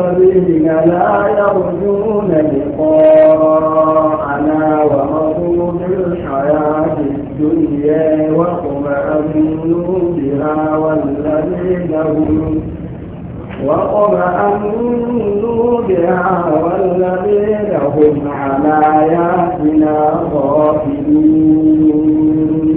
الذين لا يرجون لقاءنا ورضوا بالحياة الدنيا واطمأنوا بها والذين هم وطمأنوا بها والذين هم على آياتنا غافلون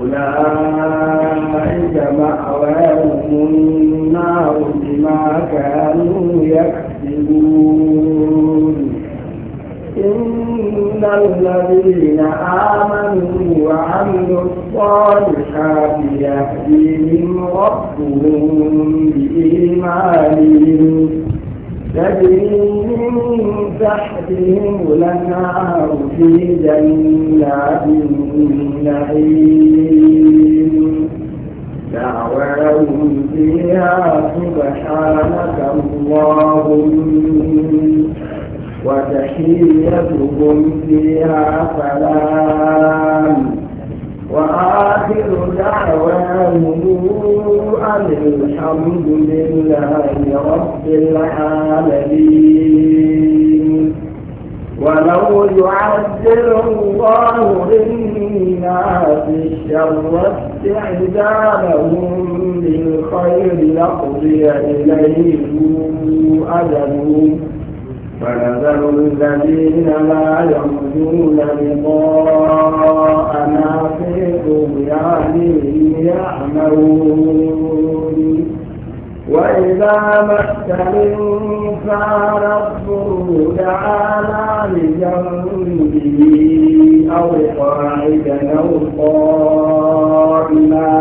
أولئك مأواهم النار بما كانوا يكسبون إن الذين آمنوا وعملوا الصالحات يهديهم ربهم بإيمانهم تجري من تحتهم لنار في جنات النعيم دعواهم فيها سبحانك اللهم وتحيتهم فيها سلام وآخر دعواهم أن الحمد لله رب العالمين ولو يعذر الله للناس الشر استعجالهم بالخير لقضي إليهم أجلهم فنذر الذين لا يرجون لقاءنا في طغيانهم يعملون وإذا مس الإنسان الضر دعانا لجنبه أو قاعدا أو قائما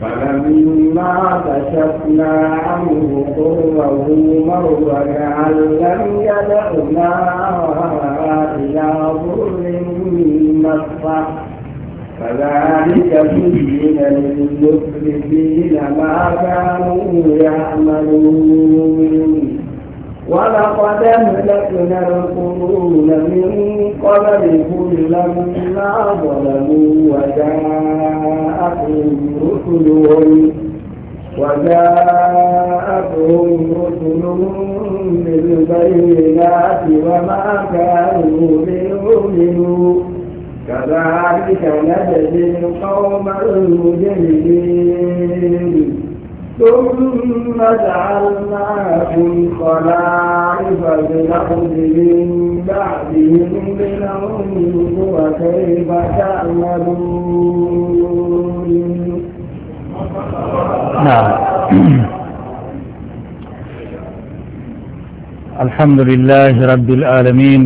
فلما كشفنا عنه ضره مر كأن لم يدعنا إلى ضر مصر كذلك زين للمسرفين ما كانوا يعملون ولقد أهلكنا القرون من قبلكم لما ظلموا وجاءتهم رسلهم وجاءتهم رسلهم بالبينات وما كانوا ليؤمنوا كذلك نجزي القوم المجرمين ثم جعلناكم خلائف في الأرض من بعدهم لننظر كيف تعملون نعم الحمد لله رب العالمين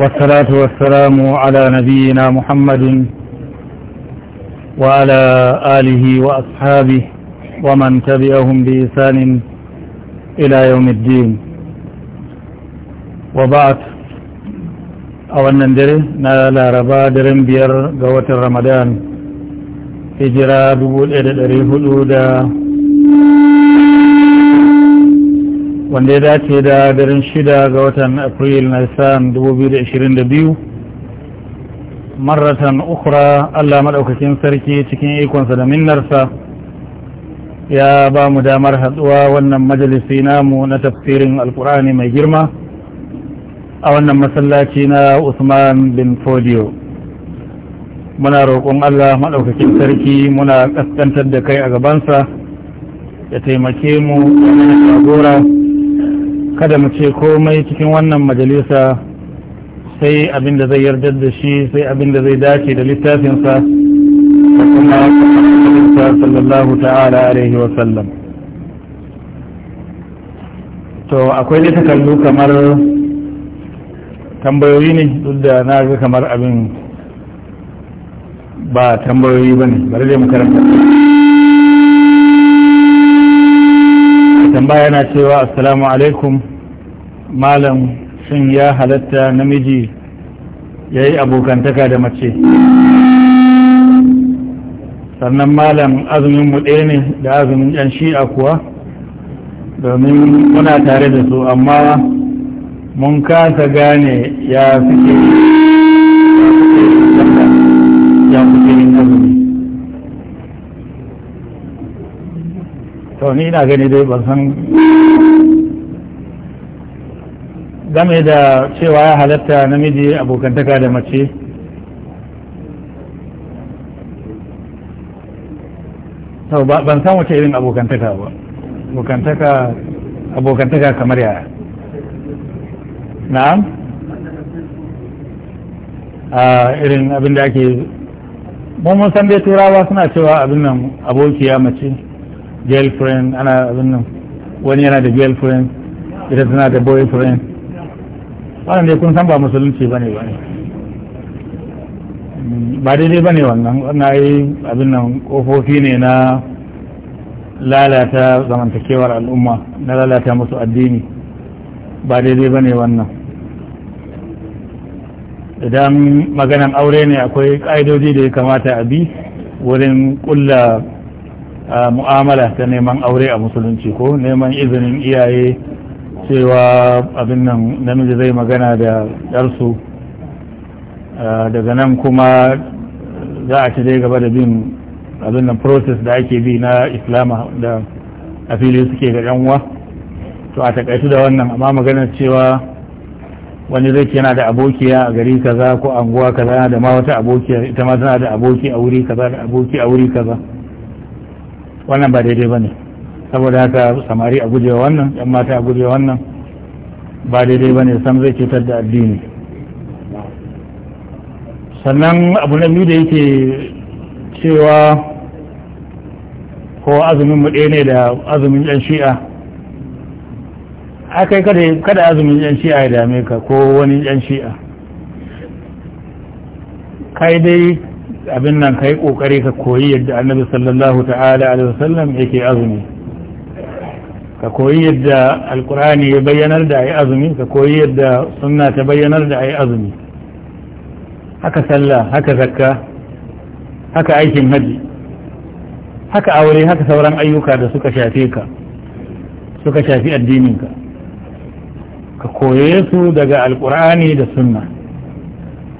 والصلاة والسلام على نبينا محمد وعلى آله وأصحابه ومن تبعهم بإسان إلى يوم الدين وبعد أولا ندري نالا ربا درن بير قوة رمضان هجرة بقول إلى الأريه الأولى wanda ya dace da daren shida ga watan april na san 2022 maratan ukura allah maɗaukakin sarki cikin ikonsa da minnarsa ya ba mu damar haɗuwa wannan majalisi namu na tafsirin alkur'ani mai girma a wannan masallaci na usman bin Fodio, muna roƙon allah maɗaukakin sarki muna ƙasƙantar da kai a gabansa ya taimake mu a kada mu ce komai cikin wannan majalisa sai abin da zai yarda da shi sai abin da zai dace da littafinsa da kuma sallallahu ta'ala alaihi wa sallam to akwai da takallu kamar tambayoyi ne duk da na ga kamar abin ba tambayoyi ba ne bari dai mu karanta tambaya yana cewa assalamu alaikum malam shin ya halatta namiji ya yi abokantaka da mace sannan malam azumin mu ɗaya ne da azumin yan shi'a kuwa domin muna tare da su amma mun kasa gane ya suke ya suke to ni ina gani dai ban san game da cewa ya halatta namiji abokantaka da mace to ban san wace irin abokantaka ba abokantaka abokantaka kamar yaya na'am a irin abin da ake mun san dai turawa suna cewa abin nan abokiya mace girlfriend ana abin nan wani yana da girlfriend ita tana da boyfriend wannan dai kun san ba musulunci bane ba ne ba daidai bane wannan wannan yi abin nan kofofi ne na lalata zamantakewar al'umma na lalata musu addini ba daidai bane wannan idan maganan aure ne akwai ƙa'idoji da ya kamata a bi wurin ƙulla mu'amala ta neman aure a musulunci ko neman izinin iyaye cewa abin nan namiji zai magana da ɗarsu daga nan kuma za a ci dai gaba da bin abin nan process da ake bi na islama da a fili suke ga yanwa to a takaitu da wannan amma maganar cewa wani zai yana da abokiya a gari kaza ko anguwa kaza da ma wata abokiya ita ma tana da aboki a wuri kaza da aboki a wuri kaza wannan ba daidai ba ne saboda haka samari a gujewa wannan yan mata a gujewa wannan ba daidai ba ne sam zai cutar da addini sannan abu na biyu da yake cewa ko azumin mu ɗaya ne da azumin yan shi'a A kai kada azumin yan shi'a ya dame ka ko wani yan shi'a kai dai abin nan ka yi ƙoƙari ka koyi yadda annabi sallallahu ta'ala alaihi wasallam yake azumi ka koyi yadda alkur'ani ya bayyanar da a yi azumi ka koyi yadda sunna ta bayyanar da a yi azumi haka sallah haka zakka haka aikin haji haka aure haka sauran ayyuka da suka shafe ka suka shafi addininka ka koye su daga alkur'ani da sunna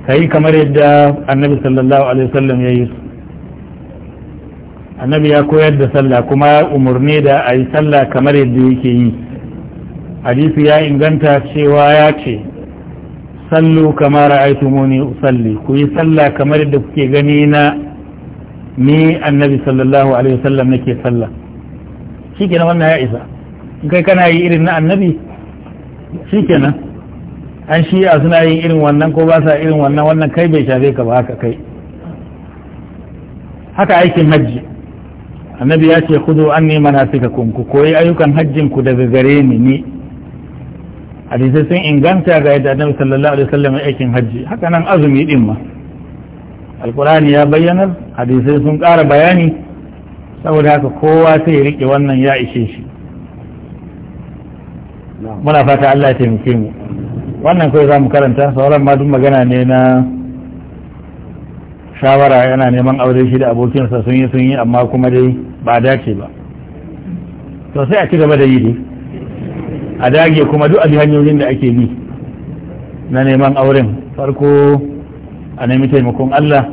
kai kamar yadda annabi sallallahu alaihi wasallam ya yi annabi ya koyar da sallah kuma umarni da a yi sallah kamar yadda yake yi hadisi ya inganta cewa ya ce sallu kamar aitumuni usalli ku yi sallah kamar yadda kuke gani na ni annabi sallallahu alaihi wasallam nake sallah shikenan wannan ya isa in kai kana yi irin na annabi shikenan an shiya suna yin irin wannan ko ba sa irin wannan wannan kai bai shafe ka ba haka kai haka aikin hajji annabi ya ce kudu an ne manasikakum ku koyi ayyukan hajjin ku daga gare ni ne hadisai sun inganta ga yadda annabi sallallahu alaihi wasallam aikin hajji haka nan azumi din ma alkurani ya bayyanar hadisai sun ƙara bayani saboda haka kowa sai rike wannan ya ishe shi muna fata Allah ya taimake mu wannan kawai za mu karanta sauran ma duk magana ne na shawara yana neman aure shi da abokinsa sun yi sun yi amma kuma dai ba dace ba to sai a ci gaba da yi ne a dage kuma duk abin hanyoyin da ake bi na neman auren farko a nemi taimakon Allah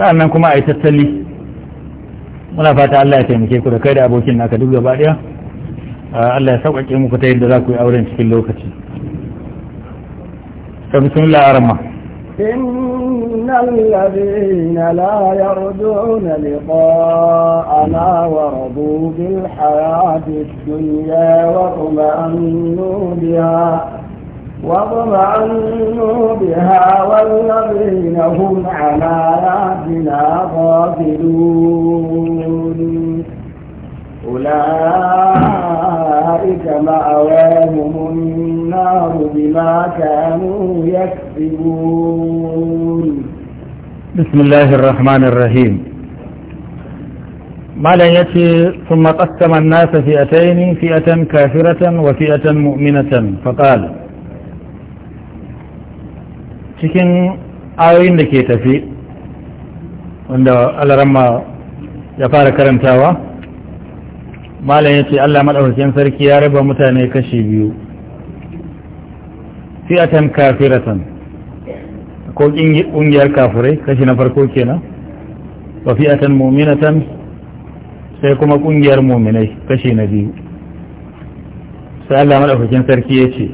sa'annan kuma a yi tattali muna fata Allah ya taimake ku da kai da abokin naka duk gaba daya Allah ya sauƙaƙe muku ta yadda za ku yi auren cikin lokaci فبسم الله أرمى إن الذين لا يرجون لقاءنا ورضوا بالحياة الدنيا واطمأنوا بها واطمأنوا بها والذين هم على آياتنا غافلون أولئك مأواهم النار بما كانوا يكسبون بسم الله الرحمن الرحيم ما لن يتي ثم قسم الناس فئتين فئة كافرة وفئة مؤمنة فقال cikin ayoyin da ke tafi wanda alarama ya fara karantawa malam ya ce Allah madaukakin sarki ya raba mutane kashi biyu fi'atan kafiratan ko ƙungiyar kafirai kashi na farko kenan wa fi'atan mu'minatan sai kuma ƙungiyar mu'minai kashi na biyu sai Allah madaukakin sarki ya yace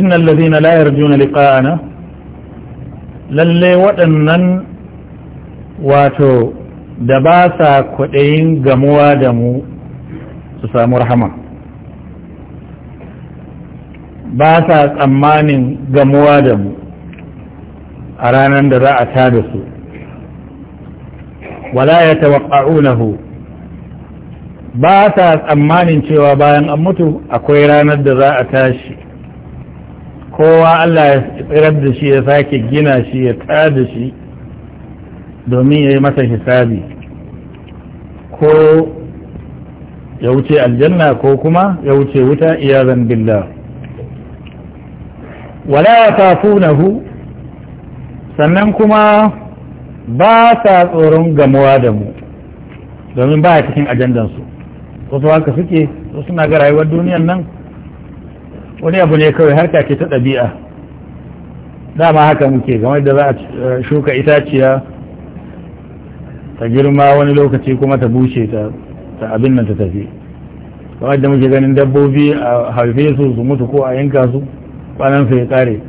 innal ladina la yarjuna liqa'ana lalle waɗannan wato da ba sa kwaɗayin gamuwa da mu su samu rahama ba sa tsammanin gamuwa da mu a ranar da za a ta da su wala ya tawaƙa'unahu ba sa tsammanin cewa bayan an mutu akwai ranar da za a tashi kowa Allah ya tsirar da shi ya sake gina shi ya da shi domin ya yi masa hisabi ko ya wuce aljanna ko kuma ya wuce wuta iyazan billah wala ya sannan kuma ba sa tsoron gamuwa da mu domin ba a cikin ajandansu wasu haka suke wasu suna ga rayuwar duniyan nan wani abu ne kawai harka ce ta ɗabi'a dama haka muke game da za a eh, shuka itaciya ta girma wani lokaci kuma ta bushe ta abin nan ta tafi kamar da muke ganin dabbobi a haife su su mutu ko a yanka su kwanan su ya kare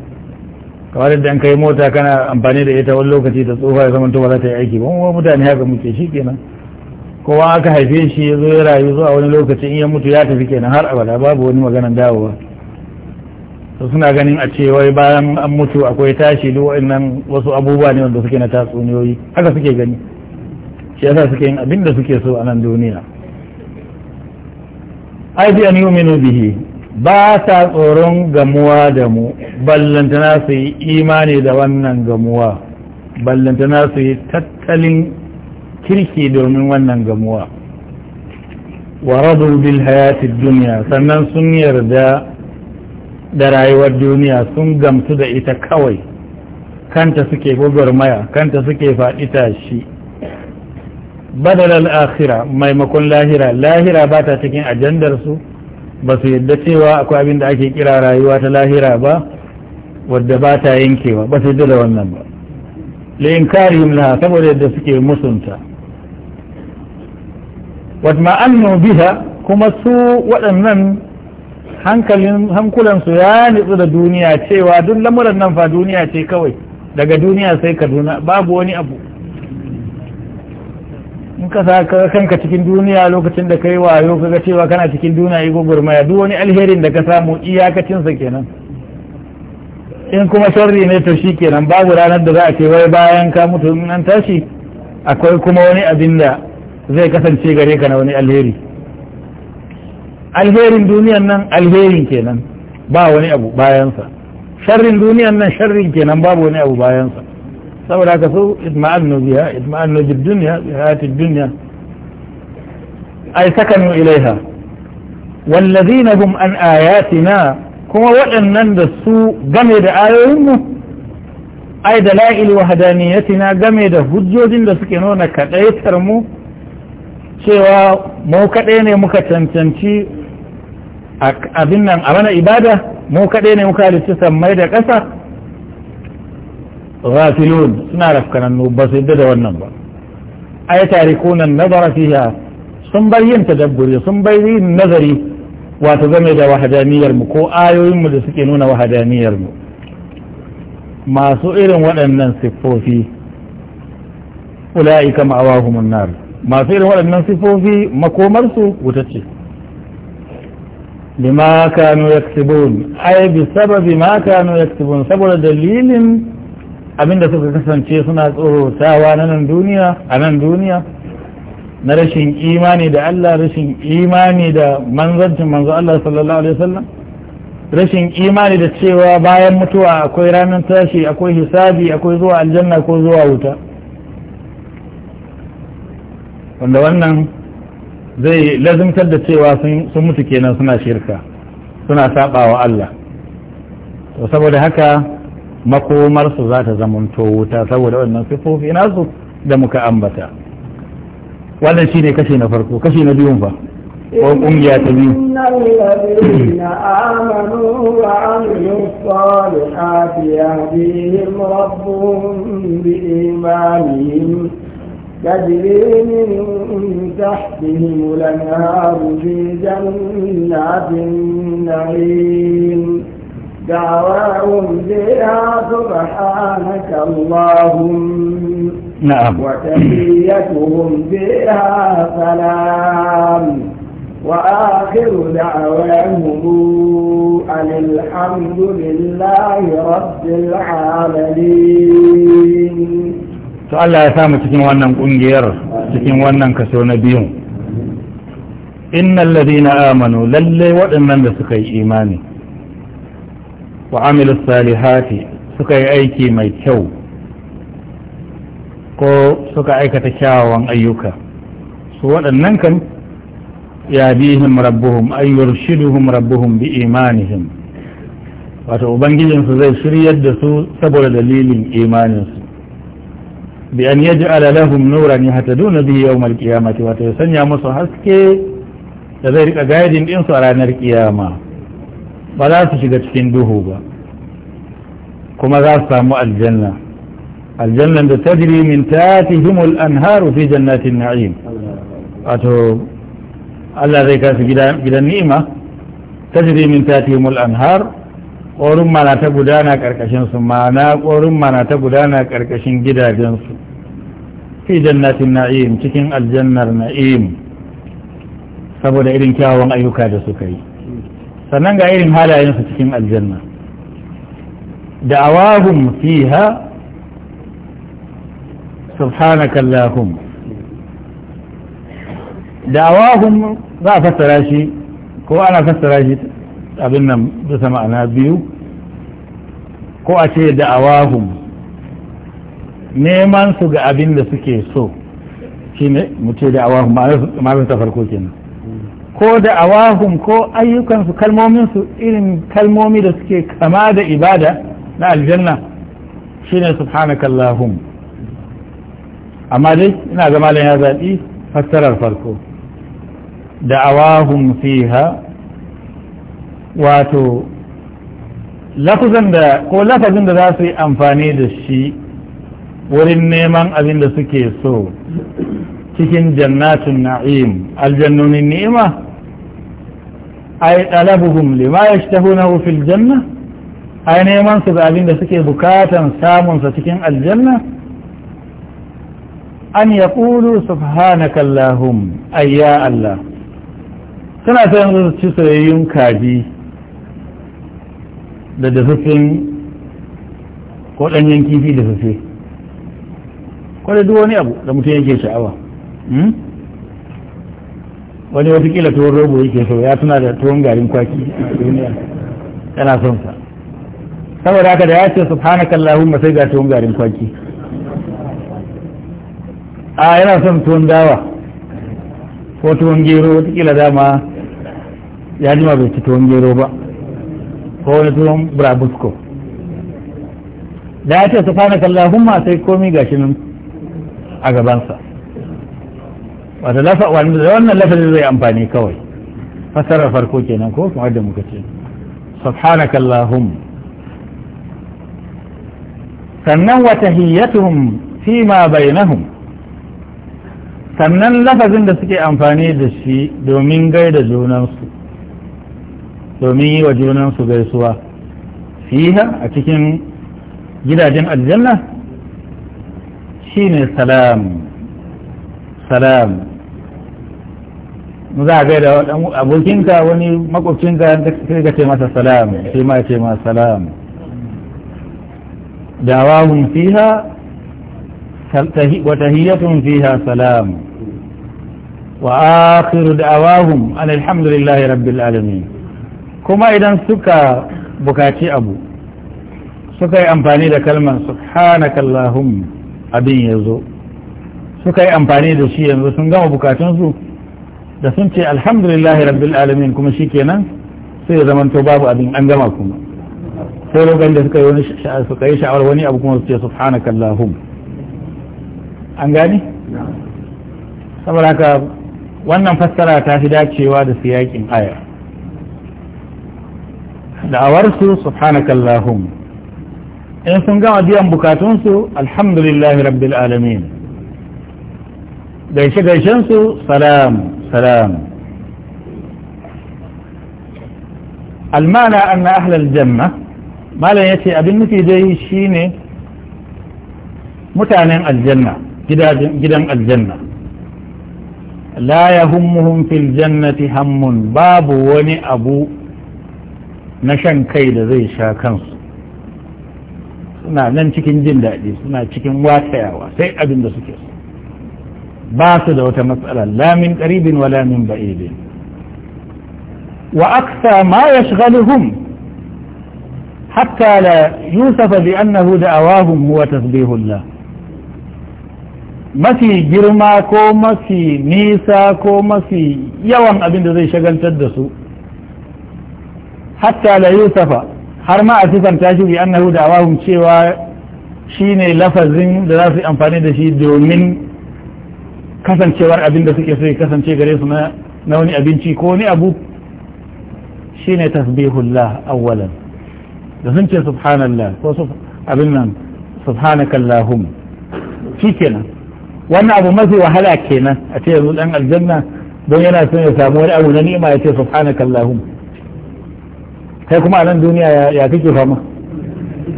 kamar da an kai mota kana amfani da ita wani lokaci ta tsofa ya zamanto ba za ta yi aiki ba kuma mutane haka muke shi kenan kowa aka haife shi ya zo ya rayu zuwa wani lokaci in ya mutu ya tafi kenan har abada babu wani maganan dawowa to suna ganin a ce wai bayan an mutu akwai tashi duk wa'annan wasu abubuwa ne wanda suke na tatsuniyoyi haka suke gani shi yasa suke yin abin da suke so a nan duniya ai bi an yu'minu bihi ba sa tsoron gamuwa da mu ballantana su yi imani da wannan gamuwa ballantana su yi tattalin kirki domin wannan gamuwa wa radu bil hayatid duniya sannan sun yarda da rayuwar duniya sun gamsu da ita kawai kanta suke gwagwarmaya kanta suke faɗi tashi badal al-akhira maimakon lahira lahira ba ta cikin ajandar su ba su yadda cewa akwai abin da ake kira rayuwa ta lahira ba wadda ba ta yankewa ba su yadda da wannan ba layin karihim laha saboda yadda suke musunta wadma annu biha kuma su waɗannan hankalin hankulansu ya nitsu da duniya cewa duk lamuran nan fa duniya ce kawai daga duniya sai kaduna babu wani abu in ka sa kanka cikin duniya lokacin da kai wayo kaga cewa kana cikin duniya yi gurmaya duk wani alherin da ka samu iyakacinsa kenan in kuma sharri ne to shi kenan babu ranar da za a ce wai bayan ka mutu in an tashi akwai kuma wani abin da zai kasance gare ka na wani alheri alherin duniyan nan alherin kenan ba wani abu bayansa sharrin duniyan nan sharrin kenan babu wani abu bayansa saboda ka so itma'annu biya itma'annu bid dunya bi hayatid dunya ay sakanu ilaiha wallazina hum an ayatina kuma waɗannan da su game da ayoyinmu ai da la'il wahadaniyatina game da hujjojin da suke nuna kaɗaitar mu cewa mu kaɗai ne muka cancanci abin nan a mana ibada mu kaɗai ne muka halitta sammai da ƙasa غافلون نعرف كان بس يدد والنظر أي تاركون النظر فيها سنبين تدبري سنبين نظري وتزمد وحدانية المكو آيو يم لسكنون وحدانية المكو ما سئل ولم ننصفه فيه أولئك معواهم النار ما سئل ولم ننصفه فيه مكو مرسو وتتشف لما كانوا يكسبون أي بسبب ما كانوا يكسبون سبب دليل abinda suka kasance suna tsorotawa na nan duniya a nan duniya na rashin imani da Allah rashin imani da manzancin manzo Allah sallallahu alaihi wasallam rashin imani da cewa bayan mutuwa akwai ranar tashi akwai hisabi akwai zuwa aljanna ko zuwa wuta wanda wannan zai lazimtar da cewa sun mutu kenan suna shirka suna saba wa Allah to saboda haka makomarsu za ta zamanto wuta saboda wannan sifofi nasu da muka ambata wannan shi ne kashi na farko kashi na biyun fa ko kungiya ta biyu بإيمانهم تجري من تحتهم الأنهار في جنات النعيم دعواهم فيها سبحانك اللهم نعم وتحيتهم فيها سلام وآخر دعواهم أن الحمد لله رب العالمين to Allah ya samu cikin wannan kungiyar cikin wannan kaso na biyun innal ladina amanu lalle waɗannan da suka yi imani wa amilu salihati suka yi aiki mai kyau ko suka aikata kyawawan ayyuka su waɗannan kan yadihim rabbuhum ay yurshiduhum rabbuhum bi imanihim wato ubangijinsu zai shiryar da su saboda dalilin imaninsu bi an yaj'ala lahum nuran yahtaduna bihi yawm al-qiyamati wato ya sanya musu haske da zai riƙa gaidin ɗinsu a ranar kiyama ba za su shiga cikin duhu ba kuma za su samu aljanna aljannan da tajri min tatihim al-anharu fi jannatin na'im wato Allah zai kasu gidan ni'ima tajri min tatihim al-anhar ƙorin mana ta gudana ƙarƙashin su mana ƙorin mana ta gudana ƙarƙashin gidajensu fi jannatin na'im cikin aljannar na'im saboda irin kyawawan ayyuka da suka yi sannan ga irin halayensu cikin aljanna awahum fiha subhanaka allahum da'awahum za a fassara shi ko ana fassara shi abin nan bisa ma'ana biyu ko a ce awahum neman su ga abin da suke so shine mu ce awahum ma'anar ta farko kenan ko da awahum ko ayyukansu kalmominsu irin kalmomi da suke kama da ibada na aljanna shine subhanakallahum amma dai ina zama da ya zaɓi fassarar farko da awahum fiha wato da ko lafazin da za su yi amfani da shi wurin neman abin da suke so cikin jannatun na'im aljannonin ni'ima ai ɗalabuhum lima ya shtahunahu fil janna ai neman su da abin da suke bukatan samunsa cikin aljanna an ya ƙulu subhanakallahum ayya Allah suna ta yanzu ci soyayyun kaji da dafafin ko kifi da fafe ko da duk wani abu da mutum yake sha'awa wani watakila tuwon rogo yake so ya tuna da tuwon garin kwaki a duniya yana son sa saboda haka da ya ce subhanaka allahumma sai ga tuwon garin kwaki a yana son tuwon dawa ko tuwon gero watakila dama ya jima bai ci tuwon gero ba ko wani tuwon brabusco da ya ce subhanaka allahumma sai komi gashi nan a gabansa wata lafa wannan lafazin zai amfani kawai fasarar farko kenan ko kuma da muka ce subhanaka allahum sannan wa tahiyyatuhum fi ma bainahum sannan lafazin da suke amfani da shi domin gaida junansu domin yi wa junansu gaisuwa fiha a cikin gidajen aljanna shine salam salam za a gaida abokinka wani makwabcinka sai ka ce masa salam sai ma ce masa salam dawahun fiha wa tahiyyatun fiha salam wa akhiru da'awahum alhamdulillahi rabbil alamin kuma idan suka bukaci abu suka yi amfani da kalmar subhanakallahum abin yazo suka yi amfani da shi yanzu sun gama bukatunsu da sun ce alhamdulillahi rabbil alamin kuma shi kenan sai ya zamanto babu abin an gama kuma sai lokacin da suka yi wani suka yi sha'awar wani abu kuma su ce subhanakallahum an gani saboda haka wannan fassara ta fi dacewa da siyakin aya da'awarsu subhanakallahum in sun gama biyan bukatunsu alhamdulillahi rabbil alamin gaishe gaishen su salam salam almana anna ahlal janna malam ce abin nufi dai shine mutanen aljanna gidan aljanna la yahummuhum fil jannati hammun babu wani abu na shan kai da zai sha kansu suna nan cikin jin daɗi suna cikin watayawa sai abin da suke so ba su da wata matsala la min wa wala min ba'idin wa aktha ma ya yashghaluhum hatta la Yusufa bi annahu da'awahum huwa tasbihullah mafi girma ko mafi nisa ko mafi yawan abin da zai shagaltar da su hatta la Yusufa har ma a sifanta shi bi annahu da'awahum cewa shi ne lafazin da za su yi amfani da shi domin kasancewar abin da suke so kasance gare su na wani abinci ko wani abu shine tasbihullah awwalan da sun ce subhanallah ko abin nan subhanakallahum kenan wannan abu mafi wahala kenan a ce yanzu dan aljanna don yana son ya samu wani abu na ni'ima ya ce subhanakallahum kai kuma a nan duniya ya kake fama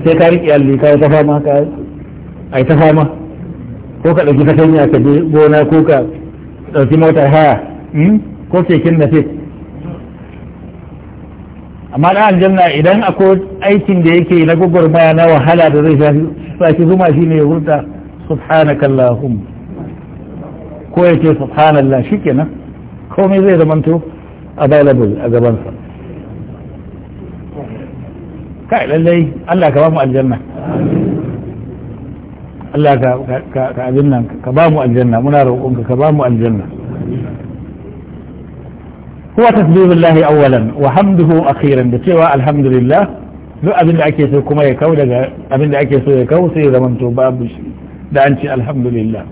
sai ka riƙe alli ka ta fama ka ai ta fama ko ka ɗauki fatanya ka je gona ko ka ɗauki motar haya hmm? ko keken na fit amma na aljanna idan akwai aikin da yake na gwagwarmaya na wahala da zai shafi zuma shi ne ya wurta subhanaka allahum ko ya subhana subhanallah shi kenan komai zai zamanto available a gabansa kai lallai allah ka ba mu aljanna Allah ka abin nan ka ba mu aljanna muna roƙonka ka ba mu aljanna huwa tasbihullahi awwalan wa hamduhu akhiran da cewa alhamdulillah duk abin da ake so kuma ya kau daga abin da ake so ya kau sai ya zamanto babu shi da an ce alhamdulillah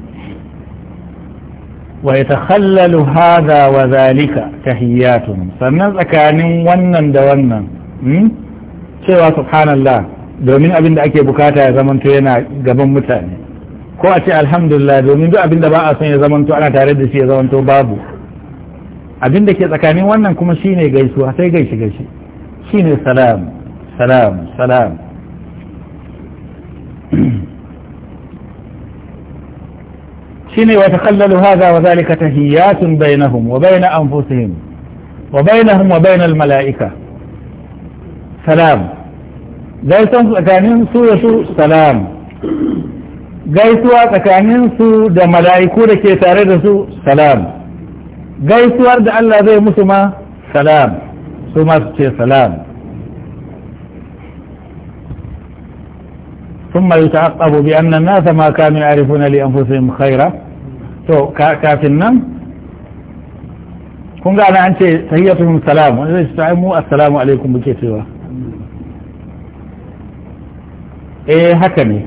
wa yatakhallalu hadha wa zalika tahiyatun sannan tsakanin wannan da wannan hmm? cewa subhanallah domin abin da ake bukata ya zamanto yana gaban mutane ko a ce alhamdulillah domin duk abin da ba a son ya zamanto ana tare da shi ya zamanto babu abin da ke tsakanin wannan kuma shine gaisuwa sai gaishe gaishe shine salam salam salam shine wa taqallalu hadha wa zalika tahiyatun bainahum wa bain anfusihim wa bainahum wa bain mala'ika salam gaisuwa tsakanin su da su salam gaisuwa tsakanin su da mala'iku da ke tare da su salam gaisuwar da Allah zai musu ma salam su masu ce salam bi annan يتعقب بأن الناس ما كانوا يعرفون لأنفسهم khaira to kafin nan kun ga an ce tahiyyatuhum salam wani zai ce mu assalamu alaikum muke cewa eh haka ne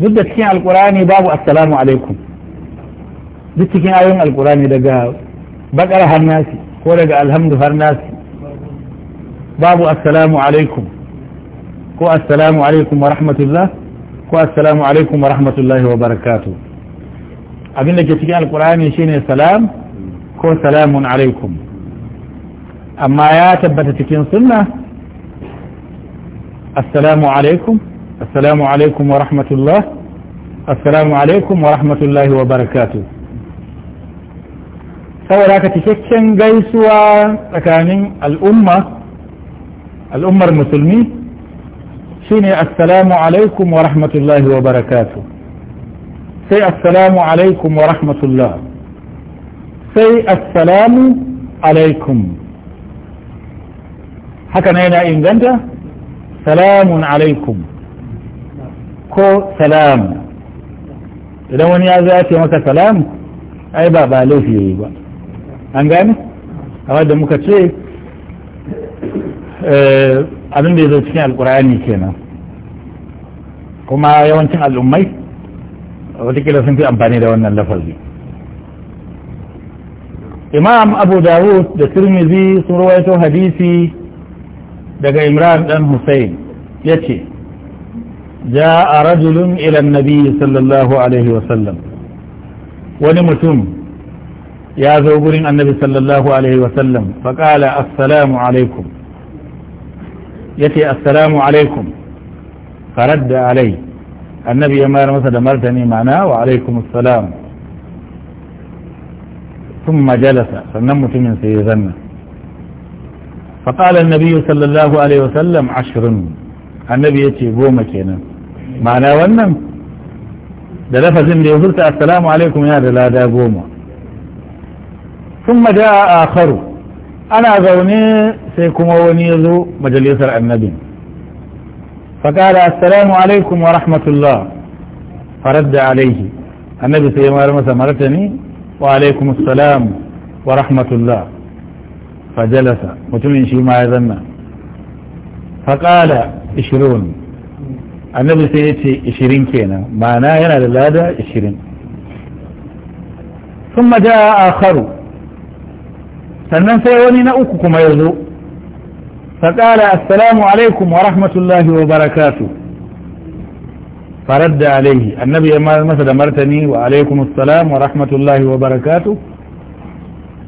duk da cikin alkurani babu assalamu alaikum duk cikin ayoyin alkurani daga bakar har nasi ko daga alhamdu har nasi babu assalamu alaikum ko assalamu alaikum wa rahmatullah ko assalamu alaikum wa rahmatullahi wa barakatu abin da ke cikin alkurani shine salam ko salamun alaikum amma ya tabbata cikin sunna assalamu alaikum السلام عليكم ورحمة الله السلام عليكم ورحمة الله وبركاته سوى لك تشكشن تكانين الأمة الأمة المسلمي شيني السلام عليكم ورحمة الله وبركاته سي السلام عليكم ورحمة الله سي السلام عليكم حكا نينا إن سلام عليكم ko salam idan wani ya zo ya ce maka salam ai ba ba laifi yayi ba an gane kamar da muka ce eh, abin da ya zo cikin alkur'ani kenan kuma yawancin al'ummai watakila sun fi amfani da wannan lafazi imam abu dawud da tirmizi sun rawaito hadisi daga imran dan hussein ya ce جاء رجل إلى النبي صلى الله عليه وسلم ونمتم يا ذوبر النبي صلى الله عليه وسلم فقال السلام عليكم يتي السلام عليكم فرد عليه النبي ما رمس دمرتني معنا وعليكم السلام ثم جلس فنمت من سيزنه فقال النبي صلى الله عليه وسلم عشر النبي يتي قوم كينا معنى ونم ده لفظ اني وزرت السلام عليكم يا دلا دا بوما ثم جاء اخر انا زوني سيكم ونيزو مجلس النبي فقال السلام عليكم ورحمة الله فرد عليه النبي سيما رمس مرتني وعليكم السلام ورحمة الله فجلس وتمين شيء ما فقال اشرون annabi sai ya ce kenan ma'ana yana da lada 20 sun maja a haru sannan sai wani na uku kuma ya zo faƙala assalamu alaikum wa rahmatullahi wa barakatu farar da annabi ya masa da martani wa alaikum assalam wa rahmatullahi wa barakatu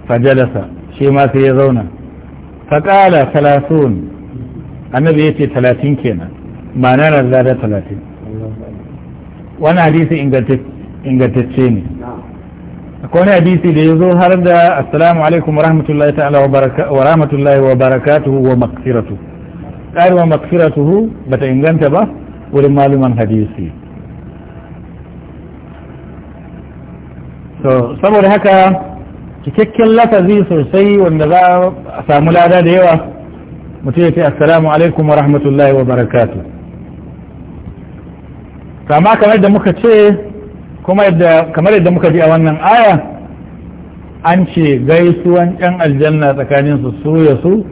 fajalasa shi ma sai zauna faƙala talatin kenan ma'ana na da talatin wani hadisi ingantacce ne akwai wani hadisi da ya zo har da assalamu alaikum rahmatullahi ta'ala wa rahmatullahi wa barakatuhu wa maksiratu ƙari wa maksiratuhu ba ta inganta ba wurin maluman hadisi so saboda haka cikakken lafazi sosai wanda za a samu lada da yawa mutum ya ce assalamu alaikum wa rahmatullahi wa barakatuhu kama kamar da muka ce kuma kamar yadda muka ji a wannan aya an ce gaisuwan yan aljanna tsakaninsu su ya su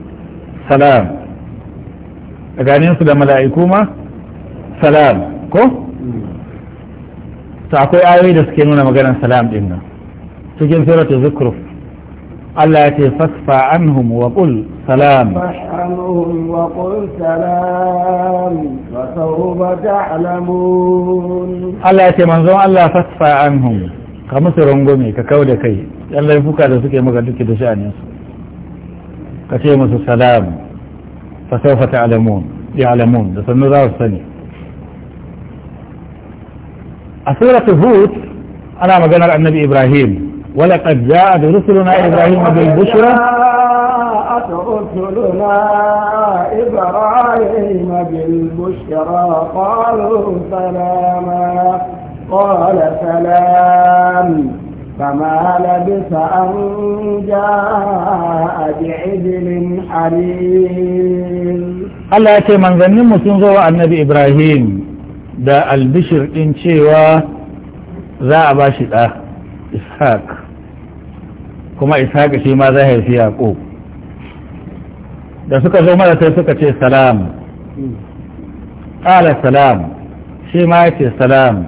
salam tsakaninsu da mala'iku ma salam ko? ta akwai ayoyi da suke nuna maganar salam din nan cikin suratul zukruf Allah ya ce fasfa anhum wa salam anhum wa qul salam wa sawfa ta'lamun Allah ya ce manzon Allah fasfa hum ka musu rungume ka da kai yan laifuka da suke maka duke da sha'anin su ka ce musu salam fa sawfa ta'lamun ya'lamun da sannu za su sani a suratul hud ana maganar annabi Ibrahim ولقد جاءت رسلنا إبراهيم بالبشرى رسلنا إبراهيم بالبشرى قالوا سلاما قال سلام فما لبث أن جاء بعجل حليم الا ya من manzanninmu sun النبي إبراهيم annabi البشر إن albishir ذا cewa آه، إسحاق kuma ishaƙa shi ma zai haifi yaƙo da suka zo mara sai suka ce salam ala salam shi ma ya ce salam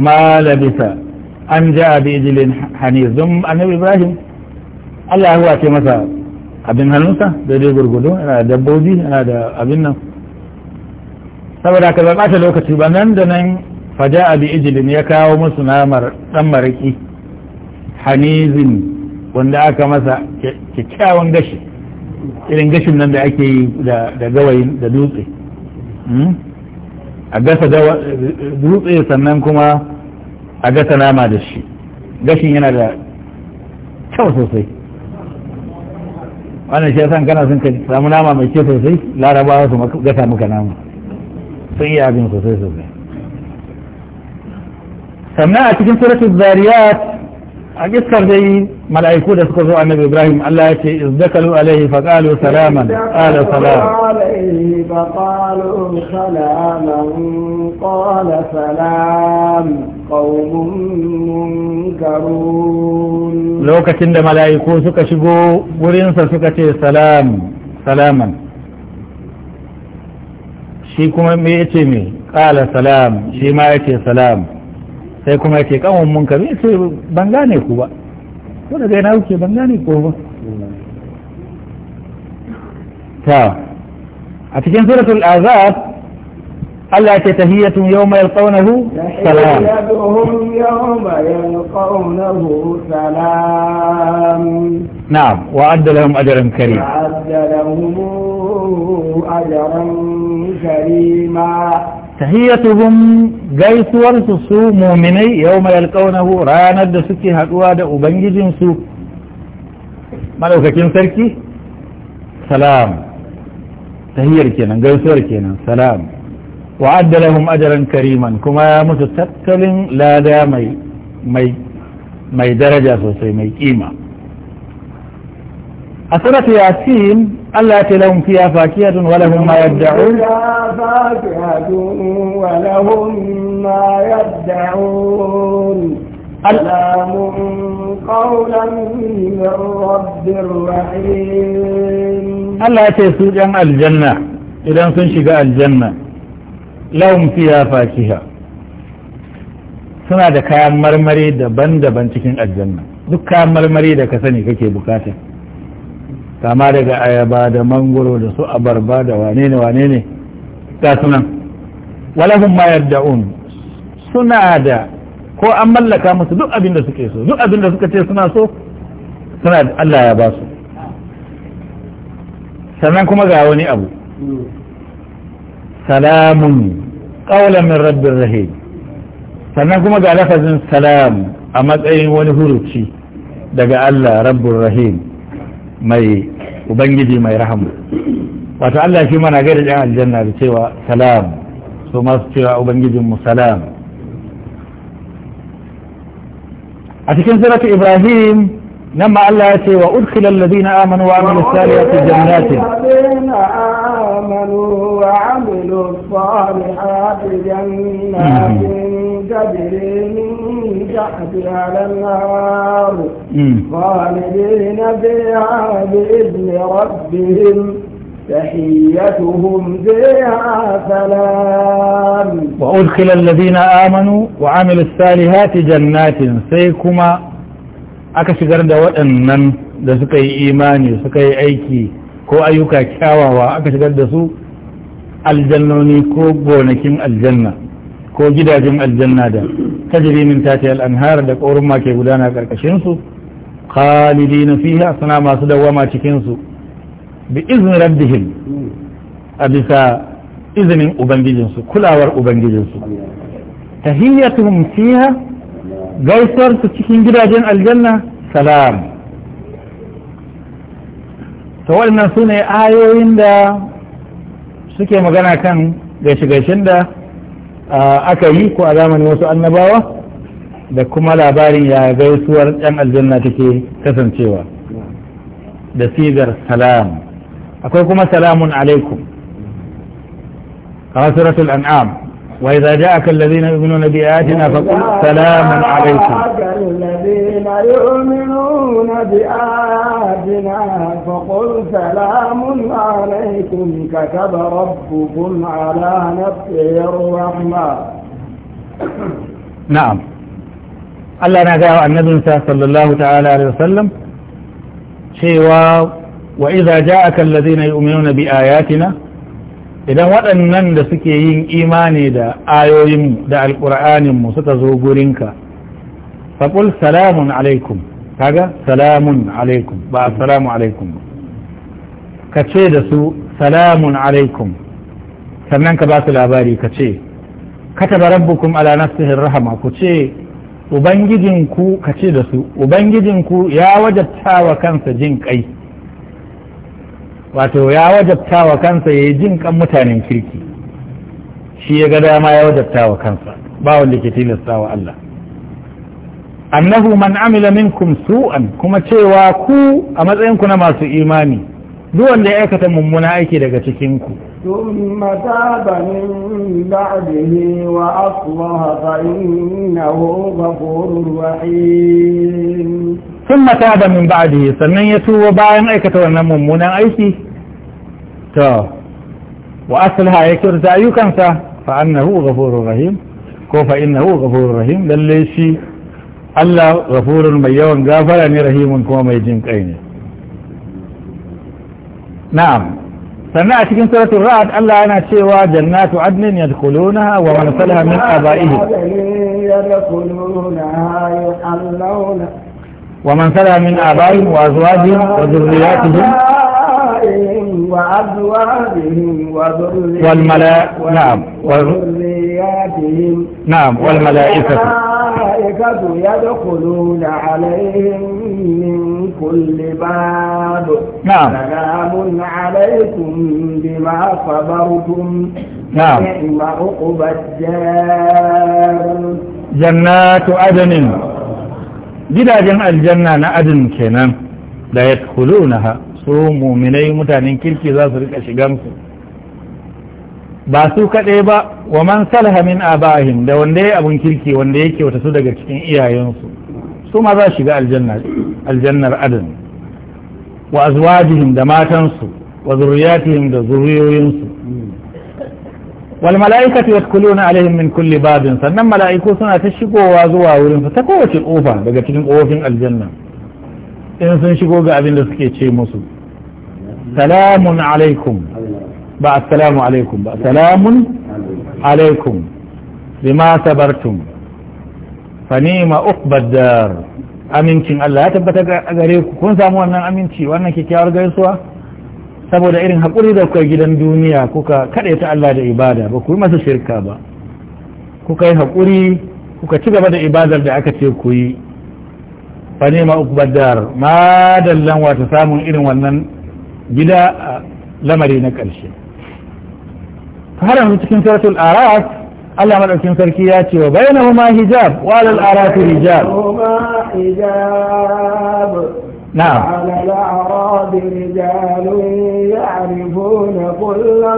ma labisa an ja abi ijilin hanizun annabi ibrahim allah ya ce masa abin hannunsa dai gurgudu yana da dabbobi yana da abin nan saboda ka zaɓa ta lokaci ba nan da nan faja abi ijilin ya kawo musu namar ɗan maraƙi hanizin wanda aka masa kyakkyawan gashi irin gashin nan da ake yi da gawayin da dutse hmm? a gasa dutse sannan kuma a gasa nama da shi gashin yana da kyau sosai wannan shi yasan kana sun ka samu nama mai kyau sosai larabawa su gasa muka nama sun yi abin sosai sosai sannan a cikin suratul zariyat a gistar dai mala'iku da suka zo annabi ibrahim allah ya ce izdakalu alaihi fa qalu qala salaman qala salam lokacin da mala'iku suka shigo wurinsa suka ce salam salaman shi kuma me yace me qala salam shi ma yace salam sai kuma ya ce kawon munkari ya ce ban gane ku ba ko da daga na wuce ban gane ku ba ta a cikin suratul azab Allah ce tahiyyatun yawma yalqawnahu salam tahiyyatuhum yawma salam na'am wa adda lahum ajran karim wa adda lahum karima tahiyyatuhum gaisuwar su su mu'minai yawma yalqawnahu ranar da suke haɗuwa da ubangijin su madaukakin sarki salam tahiyyar kenan gaisuwar kenan salam wa'adda lahum ajran kariman kuma ya musu tattalin lada mai mai mai daraja sosai mai kima a surat yasin Allah ya ce fiya fakiyatun wa lahum ma yad'un سلام قولا من رب رحيم الله يتسوج عن الجنة إذا الجنة لهم فيها فاكهة suna da kayan marmari daban-daban cikin aljanna duk kayan marmari da ka sani kake bukata kama daga ayaba da mangoro da su abarba da wane ne wane ne ta sunan walahum ma un suna da ko an mallaka musu duk abin da suke so duk abin da suka ce suna so suna da Allah ya ba su sannan kuma ga wani abu salamun qawlan min rabbir rahim sannan kuma ga lafazin salam a matsayin wani huruci daga Allah rabbin rahim mai ubangiji mai rahama wato Allah shi mana gari yan aljanna da cewa salam su masu cewa ubangijin mu salam a cikin suratu ibrahim nan ma Allah ya ce wa udkhil alladhina amanu wa amilus salihati jannatin آمنوا وعملوا الصالحات جنات تجري من تحتها الانهار خالدين فيها باذن ربهم تحيتهم فيها سلام وادخل الذين امنوا وعملوا الصالحات جنات سيكما اكشف غرد وانن da suka yi imani suka yi aiki ko ayyuka سو aka shigar الجنة ko gidajen aljanna da tajri min tati al da ƙorin ma ke gudana ƙarƙashin su na fiha suna masu dawama cikin su bi izni rabbihim a bisa izinin ubangijinsu kulawar ubangijinsu tahiyyatuhum fiha gaisuwar su cikin gidajen aljanna salam to waɗannan su ne ayoyin da suke magana kan gaishe-gaishen da aka yi ko a zamanin wasu annabawa da kuma labarin ya gaisuwar yan aljanna take kasancewa da sigar salam akwai kuma salamun alaikum a suratul an'am وإذا جاءك الذين يؤمنون بآياتنا فقل سلام عليكم الذين يؤمنون بآياتنا فقل سلام عليكم كتب ربكم على نفسه الرحمة نعم ألا الله نجاه النبي صلى الله تعالى عليه وسلم شيء وإذا جاءك الذين يؤمنون بآياتنا idan waɗannan da suke yin imani da ayoyinmu da alƙur'aninmu suka zo gurinka faƙul salamun alaikum kaga salamun alaikum ba a salamu alaikum ka ce da su salamun alaikum sannan ka ba su labari ka ce kataba rabbukum ala nafsihi rahama ku ce ubangijinku ka ce da su ubangijinku ya wajabta wa kansa jin kai wato ya wajabta wa kansa ya yi jin kan mutanen kirki shi ya ga dama ya wajabta wa kansa ba wanda ke tilasta wa Allah annahu man amila minkum su'an kuma cewa ku a matsayin ku na masu imani duk wanda ya aikata mummuna aiki daga cikin ku ثم تاب من بعده وأصلح فإنه غفور رحيم ثم تاب من بعده sannan ya tuwo bayan aikata wannan mummunan aiki تا وأصلها يكر زعيو كانتا فأنه غفور رحيم كوفا إنه غفور رحيم لليسي ألا غفور ميون غافر أني يعني رحيم كما ميجين كأيني نعم سنأت كن سورة الرعد ألا أنا شيوا جنات عدن يدخلونها ومن صلها من أبائهم ومن صلها من آبائهم وأزواجهم وذرياتهم وأزواجهم وذرياتهم والملا... نعم وذرياتهم نعم والملائكة والملائكة يدخلون عليهم من كل باب نعم سلام عليكم بما صبرتم نعم نعم عقب الدار جنات عدن gidajen الجنة أدن كنا لا يدخلونها su muminai mutanen kirki za su rika shigansu ba su kaɗai ba wa man salha min abahim da wanda ya abun kirki wanda ya kyauta su daga cikin iyayensu su ma za shiga aljannar adan wa azwajihim da matansu wa zurriyatihim da zuriyoyinsu wal mala'ikatu yadkhuluna alaihim min kulli babin sannan mala'iku suna ta shigowa zuwa wurin su ta kowace kofa daga cikin kofofin aljanna in sun shigo ga abin da suke ce musu salamun alaikum ba assalamu alaikum ba salamun alaikum bima sabartum fa ni'ma amincin Allah ya tabbata gare ku kun samu wannan aminci wannan kyakkyawar gaisuwa saboda irin haƙuri da kuka gidan duniya kuka ta Allah da ibada ba ku yi masa shirka ba kuka yi haƙuri kuka ci gaba da ibadar da aka ce ku yi fa nema dar ma dallan wata samun irin wannan gida a lamari na ƙarshe har yanzu cikin suratul araf Allah madaukin sarki ya ce wa bainahuma hijab wa alal araf hijab نعم على الأعراب رجال يعرفون كلا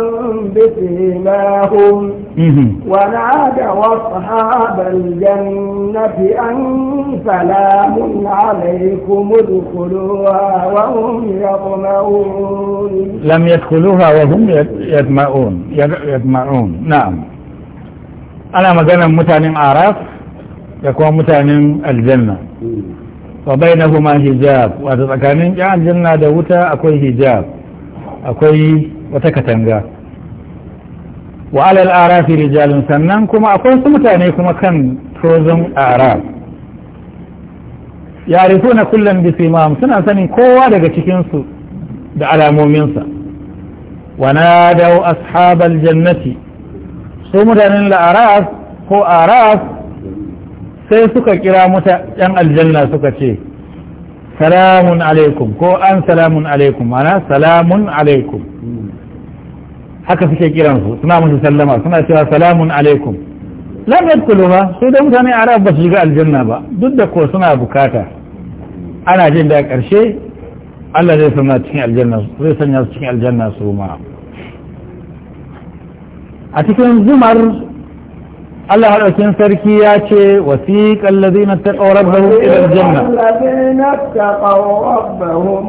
بسيماهم ونادوا أصحاب الجنة أن سلام عليكم ادخلوها وهم يطمعون لم يدخلوها وهم يطمعون يطمعون نعم أنا مثلا متعن أعراف يكون متعن الجنة wa bainahuma hijab wata tsakanin yan aljanna da wuta akwai hijab akwai wata katanga wa alal arafi rijalun sannan kuma akwai su mutane kuma kan tozon araf yarifuna kullum bisimam suna sanin kowa daga cikin su da alamominsa wa nadau ashabal jannati su mutanen araf ko araf sai suka kira mata yan aljanna suka ce salamun alaikum ko an salamun alaikum mana salamun alaikum haka suke kiransu suna musu sallama suna cewa salamun alaikum lam yadkhulu ba sai da mutane arab ba su shiga aljanna ba duk da ko suna bukata ana jin da karshe Allah zai sanya cikin aljanna zai sanya su cikin aljanna su ma a cikin zumar الله على سن سركياته وثيق الذين اتقوا ربهم الى الجنه الذين اتقوا ربهم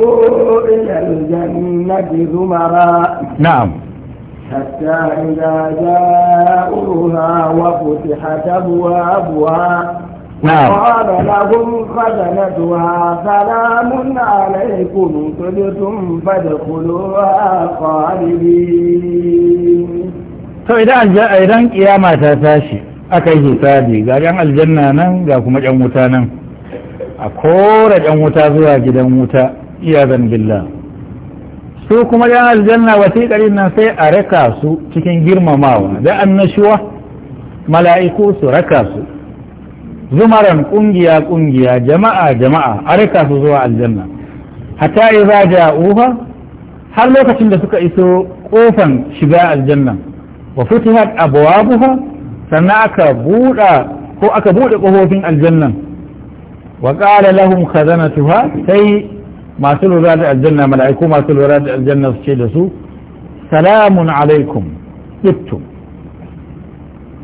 الى الجنه زمرا نعم حتى اذا جاءوها وفتحت ابوابها نعم وقال لهم خزنتها سلام عليكم طلتم فادخلوها خالدين to idan kiyama ta tashi aka yi hisabi ga yan aljanna nan ga kuma yan wuta nan a kora yan wuta zuwa gidan wuta zan billah su kuma yan aljanna wasiƙarin nan sai a raka su cikin girmamawa da annashuwa mala'iku su raka su zumaran kungiya kungiya jama'a jama'a a raka su zuwa aljanna hatta idza ja'uha har lokacin da suka iso kofan shiga aljanna wa futihat abwabuha sannan aka buɗa ko aka buɗe ƙofofin aljannan wa qala lahum khazanatuha sai masu lura da aljanna mala'iku masu lura da aljanna su ce da su salamun alaikum ibtum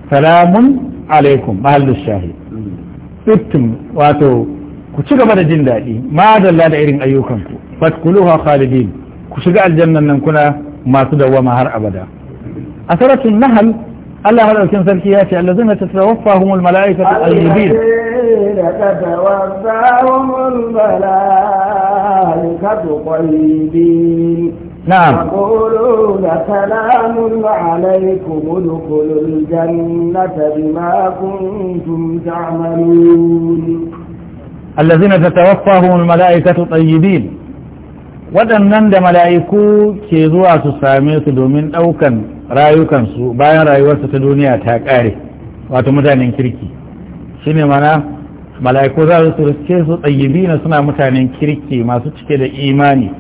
salamun alaikum mahallu shahid ibtum wato ku ci gaba da jin daɗi ma dalla da irin ayyukanku fatkuluha khalidin ku shiga aljannan nan kuna masu dawwama har abada أثرة النهل ألا هل أسن الكياسي الذين تتوفاهم الملائكة الغيبين تتوفاهم الملائكة الغيبين نعم يقولون سلام عليكم ادخلوا الجنة بما كنتم تعملون الذين تتوفاهم الملائكة الطيبين waɗannan da mala'iku ke zuwa su same su domin ɗaukan rayukansu bayan rayuwarsu ta duniya ta ƙare wato mutanen kirki shi ne mana mala'iku za su riske su tsayyibi na suna mutanen kirki masu cike da imani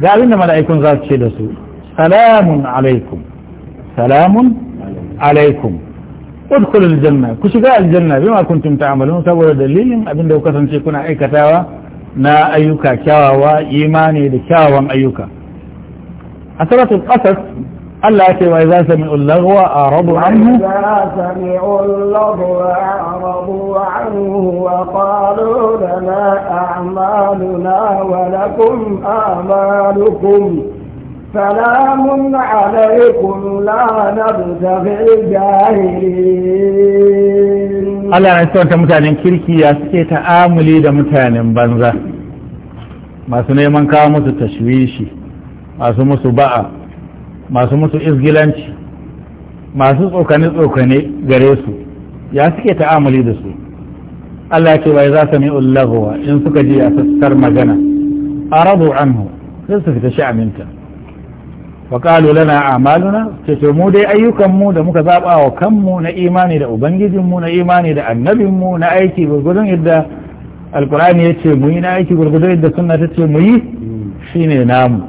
ga abin da mala'ikun za su ce da su salamun alaikum salamun alaikum udkhulul janna ku shiga aljanna bima kuntum ta'malun saboda dalilin abin da ku kasance kuna aikatawa na ayyuka kyawawa imani da kyawawan ayyuka a suratul qasas Allah ya ce wa idza sami'u al-lagwa a'radu anhu wa qalu lana a'maluna wa lakum a'malukum سلام عليكم لا نبتغي الجاهلين Allah na cikin mutanen kirki ya suke ta'amuli da mutanen banza masu neman kawo musu tashwishi masu musu ba'a masu musu izgilanci masu tsokane-tsokane gare su ya suke ta'amuli da su Allah ce wai za su ne in suka ji a sassar magana a anhu sai su fita sha'aminta wa qalu lana a'maluna ce to mu dai ayyukan mu da muka zaɓa wa kanmu na imani da ubangijin mu na imani da annabin mu na aiki gurgurun yadda alqur'ani yace mu yi na aiki gurgurun yadda sunna ce mu yi shine namu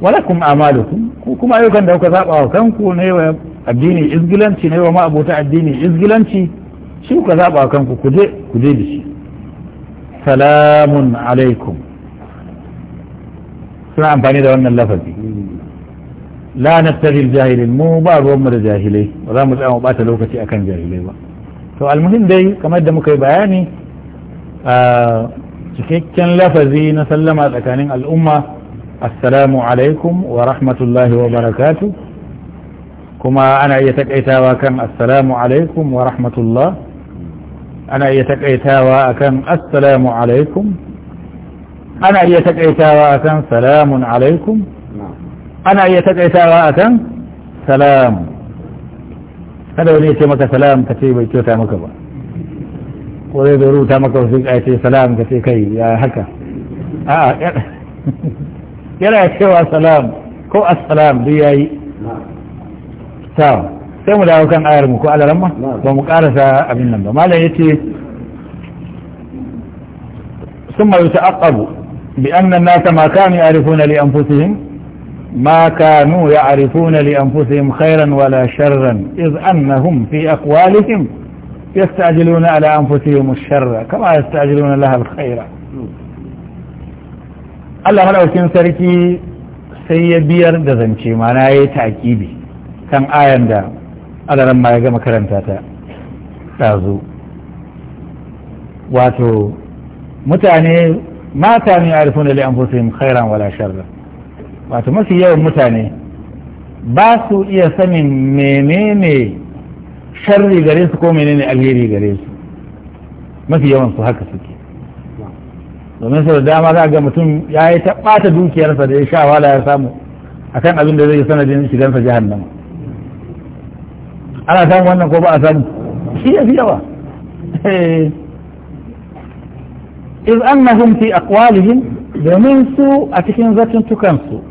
walakum a'malukum ku kuma ayyukan da kuka zaɓa wa kanku ne wa addini izgilanci ne wa ma'abuta addini izgilanci shi kuka zaɓa wa kanku ku je ku je da shi salamun alaikum suna amfani da wannan lafazi لا نبتغي الجاهلين مو بار ومر جاهلي ولا مزعم وبات لوكتي أكن جاهلي سو المهم دي كما يدى مكي بياني آه، شكيكا لفزي نسلم أتكاني الأمة السلام عليكم ورحمة الله وبركاته كما أنا يتك إتاوى كان السلام عليكم ورحمة الله أنا يتك إتاوى كان السلام عليكم أنا يتك إتاوى كان سلام عليكم ana iya takaitawa a kan salam kada wani ya ce maka salam ka ce bai kyauta maka ba ko zai bai rubuta maka wasu ya ce salam ka ce kai ya haka a'a yana cewa salam ko assalam duk ya yi sawa sai mu dawo kan ayar mu ko alaramma ba mu karasa abin nan ba malam ya ce. yace ثم يتعقب بأن الناس ما كانوا يعرفون لأنفسهم ما كانوا يعرفون لأنفسهم خيرا ولا شرا إذ أنهم في أقوالهم يستعجلون على أنفسهم الشر كما يستعجلون لها الخير Allah maɗaukin sarki sai ya biyar da zance mana ya yi takibi kan ayan da alaran ma ya gama karanta ɗazu wato mutane mata ne ya li'an wala wato mafi yawan mutane ba su iya sanin menene sharri gare su ko menene alheri gare su mafi yawan su haka suke domin sau da dama za ga mutum ya yi ta ɓata dukiyarsa da ya sha wala ya samu akan abin da zai yi sanadin shigansa jahannama ana samu wannan ko ba a samu shi ya fi yawa eh. iz annahum fi aqwalihim domin su a cikin zatuntukansu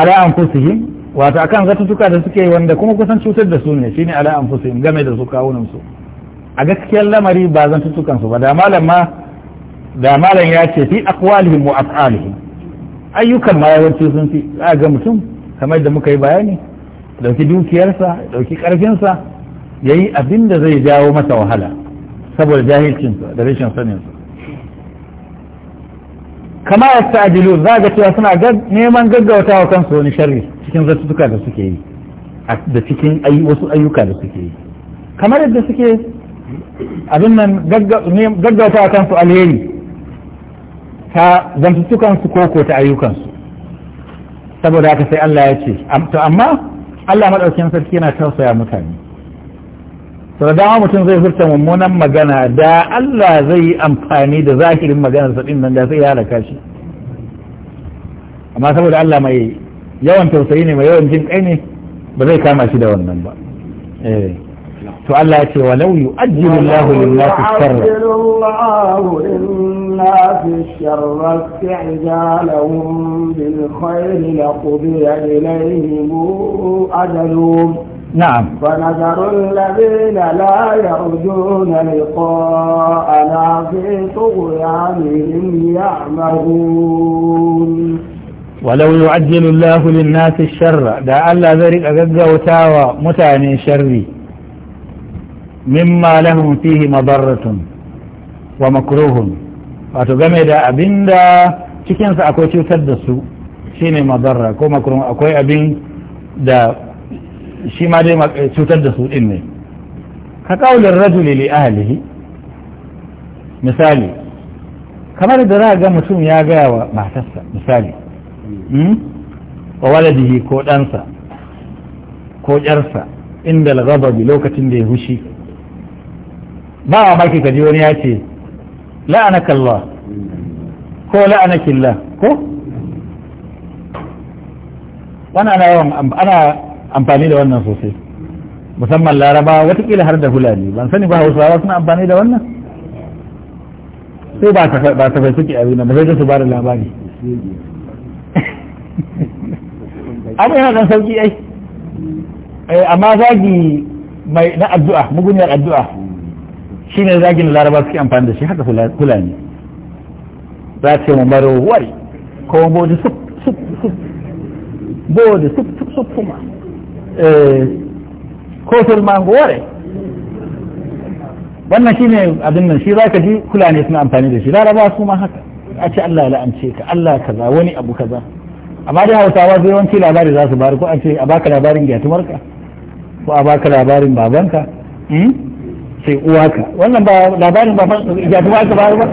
ala anfusihim wato akan zatutuka da suke wanda kuma kusan cutar da su ne shine ala anfusihim game da su kawunan su a gaskiyar lamari ba zan su ba da malam ma da malam ya ce fi aqwalihim wa af'alihim ayyukan ma yawanci sun fi a ga mutum kamar da muka yi bayani dauki dukiyarsa dauki karfinsa yayi abin da zai jawo masa wahala saboda jahilcinsa da rashin sanin saninsa kama ya sa'adilu za ga cewa suna neman gaggauta wa kansu wani sharri cikin zartutuka da suke yi da cikin wasu ayyuka da suke yi kamar yadda suke abin nan gaggauta wa kansu alheri ta zantukansu ko ko ta ayyukansu saboda haka sai Allah ya ce to amma Allah madaukakin sarki yana tausaya mutane sau da mutum zai furta mummunan magana da Allah zai yi amfani da zahirin maganar sa nan da sai ya halaka shi amma saboda Allah mai yawan tausayi ne mai yawan jin kai ne ba zai kama shi da wannan ba eh. to Allah ya ce wa yu'ajjilu Allahu lin-nasi sharra lin نعم فنذر الذين لا يرجون لقاءنا في طغيانهم يعمهون ولو يعجل الله للناس الشر دا ألا ذلك أجزه أجزوتاوى متعني شري مما لهم فيه مضرة ومكروه فتقمي دا أبين دا cikinsa akwai تدسو da مضرة كو مكروه أكوي makarun akwai shi ma dai cutar da su din ne ka kaulin rajuli li ahlihi misali kamar da za ga mutum ya gaya wa matarsa misali hmm, wa waladihi ko ɗansa ko ƴarsa inda lagaba ghadabi lokacin da ya hushi ba a baki kaji wani ya ce la'anaka Allah ko la'anaki Allah ko wannan yawan ana amfani da wannan sosai musamman laraba watakila har da hulani ban sani ba hausawa suna amfani da wannan sai ba ta fai suke abin da sai su ba da labari abu yana dan sauki ai amma zagi mai na addu'a muguniyar addu'a shine zagin laraba suke amfani da shi haka hulani za ce mu maro wari ko bodi sup sup sup bodi sup sup sup kuma kofin mangore wannan shi ne abin nan shi za ka ji ne suna amfani da shi laraba su ma haka a ce Allah ya la'ance ka Allah kaza wani abu kaza amma dai hausawa zai wanci labari za su bari ko a ce a baka labarin gyatumarka ko a baka labarin babanka hmm? sai uwa ka wannan ba labarin ba ka ba ba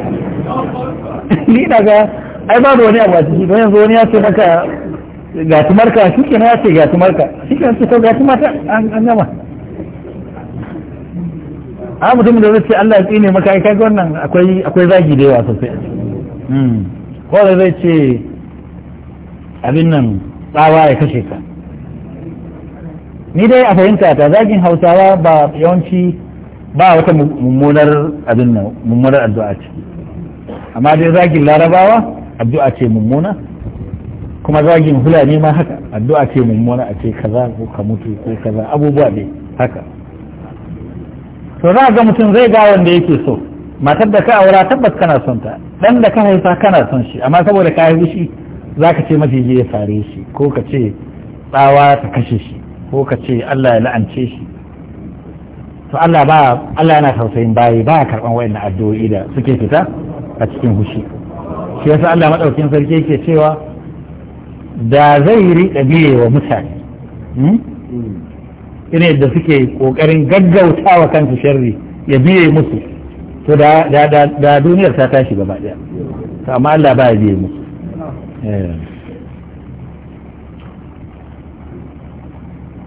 ni daga ai ba da wani abu a ciki don yanzu wani ya ce maka ga tumarka shi ke ya ce ga tumarka shi ke ce ga tumata an gama a mutumin da zai ce Allah ya tsine maka ai wannan akwai akwai zagi da yawa sosai hmm. ko da zai ce abin nan tsawa ya kashe ka ni dai a fahimta ta zagin hausawa ba yawanci ba wata mummunar abin nan mummunar addu'a ce amma dai zagin larabawa addu'a ce mummuna kuma zagin ne ma haka addu'a ce mummuna a ce kaza ko ka mutu ko kaza abubuwa ne haka to za ga mutum zai ga wanda yake so matar da ka aura tabbas kana son ta dan da ka haifa kana son shi amma saboda ka haifi shi zaka ce maciji ya sare shi ko ka ce tsawa ta kashe shi ko ka ce Allah ya la'ance shi to Allah ba Allah yana tausayin bayi ba karban wayannan addu'o'i da suke fita a cikin hushi shi yasa Allah madaukin sarki yake cewa da zai riƙa biye wa mutane hmm? ina da suke ƙoƙarin gaggauta wa kansu sharri ya biye musu to da duniyar ta tashi gaba ɗaya to amma Allah ba ya biye musu eh.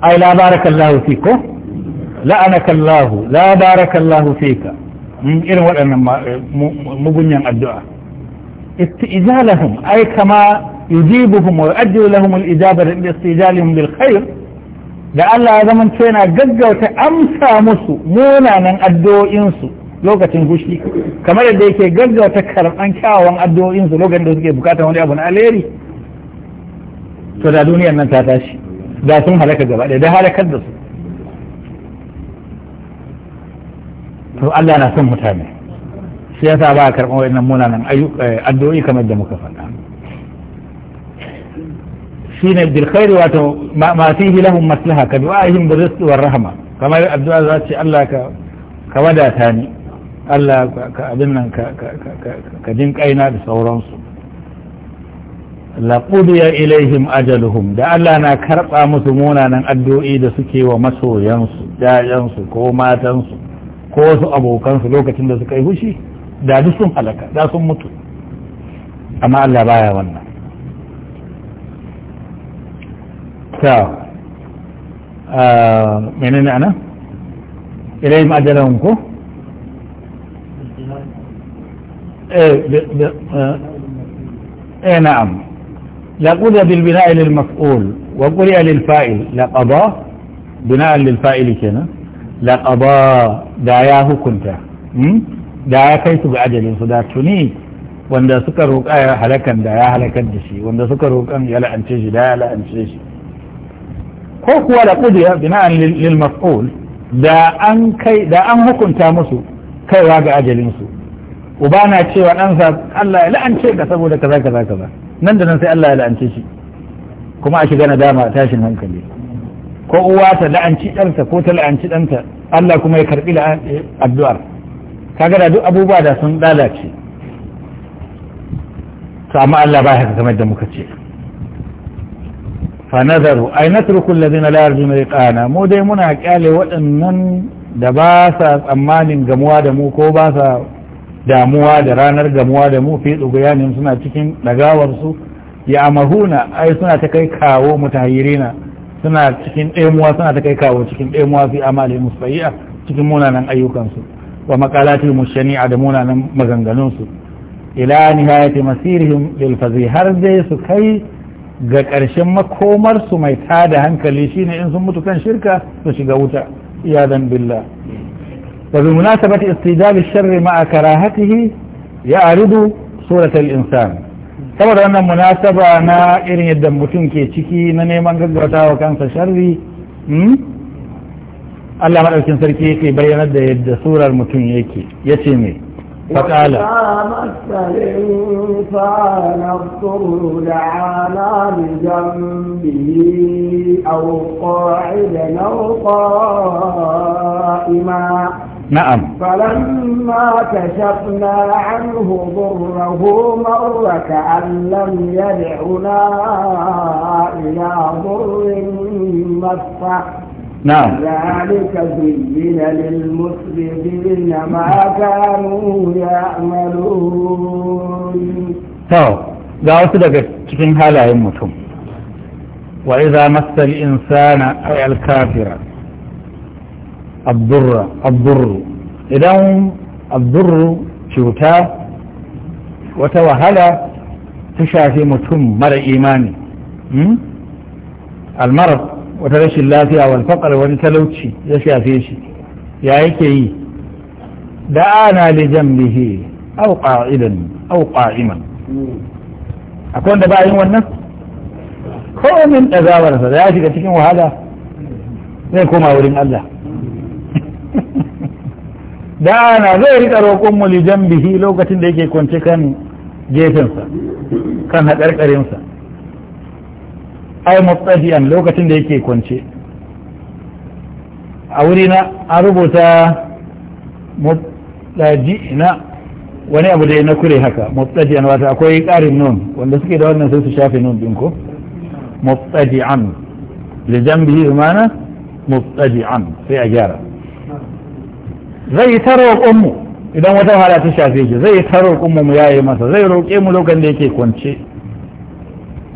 ai la Allah fi ko Allah la fi ka hmm, irin waɗannan eh, mugunyan addu'a istizalahum ai kama yujibuhum wa yu'ajjilu lahum al-ijaba li istijalihim bil khair da Allah ya zama na gaggauta amsa musu munanan addu'o'insu lokacin gushi kamar yadda yake gaggauta karɓan kyawawan addu'o'insu lokacin da suke bukatar wani abu na alheri to da duniyar nan ta tashi da sun halaka gaba ɗaya da halakar da su to Allah na son mutane shi yasa ba a karɓar wayannan munanan eh, addu'o'i kamar da muka faɗa shine bil khairi wato ma fihi lahum maslaha ka du'a'ihim bir rizqi war rahma kamar addu'a za ce Allah ka ka wadata ni Allah ka abin nan ka ka jin kaina da sauransu laqudiya ilaihim ajaluhum da Allah na karba musu munanan addu'o'i da suke wa masoyansu yayansu ko matansu ko su abokansu lokacin da suka yi fushi da duk sun halaka da sun mutu amma Allah baya wannan حتى من هنا انا الي ما اجلهمكو اي آه، إيه، نعم لا قضي بالبناء للمفعول وقرئ للفائل لا قضى بناء للفائل كنا لا قضى داياه كنت دايا كيت بعجل صداتني وان سكر رقايا هلكا دايا هلكا دشي وان سكر رقايا يلا انتجي لا لا انتجي ko kuwa da kudiya bina'an lil maf'ul da an kai da an hukunta musu kaiwa ga ajalin su uba na cewa ɗansa Allah ya la'ance ka saboda kaza kaza kaza nan da nan sai Allah ya la'ance shi kuma a shiga nadama tashin hankali ko uwa ta la'anci ɗansa ko ta la'anci ɗanta Allah kuma ya karɓi eh, addu'ar kaga da duk abubuwa da sun lalace to amma Allah ba ya kamar da muka ce fanazaru ai na natruku alladhina la yarjuna kana mu dai muna kyale waɗannan da ba sa tsammanin gamuwa da mu ko ba sa damuwa da ranar gamuwa da mu fi tsuguyanin suna cikin su ya amahuna ai suna ta kai kawo mutahirina suna cikin ɗemuwa suna ta kai kawo cikin ɗemuwa fi amali musbayi'a cikin munanan ayyukansu wa makalatil a da munanan maganganunsu ila nihayati masirihim lil har dai su kai ga ƙarshen makomarsu mai tada hankali shine in sun mutu kan shirka su shiga wuta iyadan billah wa bi munasabati istijabi sharri ma'a karahatihi ya surat al insan saboda wannan munasaba na irin yadda mutum ke ciki na neman gaggawa kansa sharri hmm? Allah madaukin sarki yake bayyanar da yadda surar mutum yake yace me فتعالى مس الإنسان الضر دعانا بجنبه أو قاعدا أو قائما نعم فلما كشفنا عنه ضره مر كأن لم يدعنا إلى ضر مسه نعم ذلك زين للمسلمين ما كانوا يعملون تو ذا وسد كتن هلا يمتهم وإذا مس الإنسان أي الكافر الضر الضر إذا الضر شوتا وتوهلا تشافي متهم مر إيماني المرض wata rashin lafiya wal faqar wani talauci ya shafe shi ya yake yi da'ana li jambihi aw qa'idan aw qa'iman akwai wanda ba yin wannan ko min dazawarsa da ya shiga cikin wahala zai koma wurin Allah da'ana zai rika roƙon mu li jambihi lokacin da yake kwance kan gefensa kan haƙarƙarinsa ai mustahiyan lokacin da yake kwance a wuri na an rubuta na wani abu da na kure haka mustahiyan wata akwai ƙarin nun wanda suke da wannan sai su shafe nun ɗin ko mustahiyan li jambihi mana mustahiyan sai a gyara zai taro tarar ummu idan wata hala ta shafe shi zai taro tarar ummu mu yaye masa zai roƙe mu lokacin da yake kwance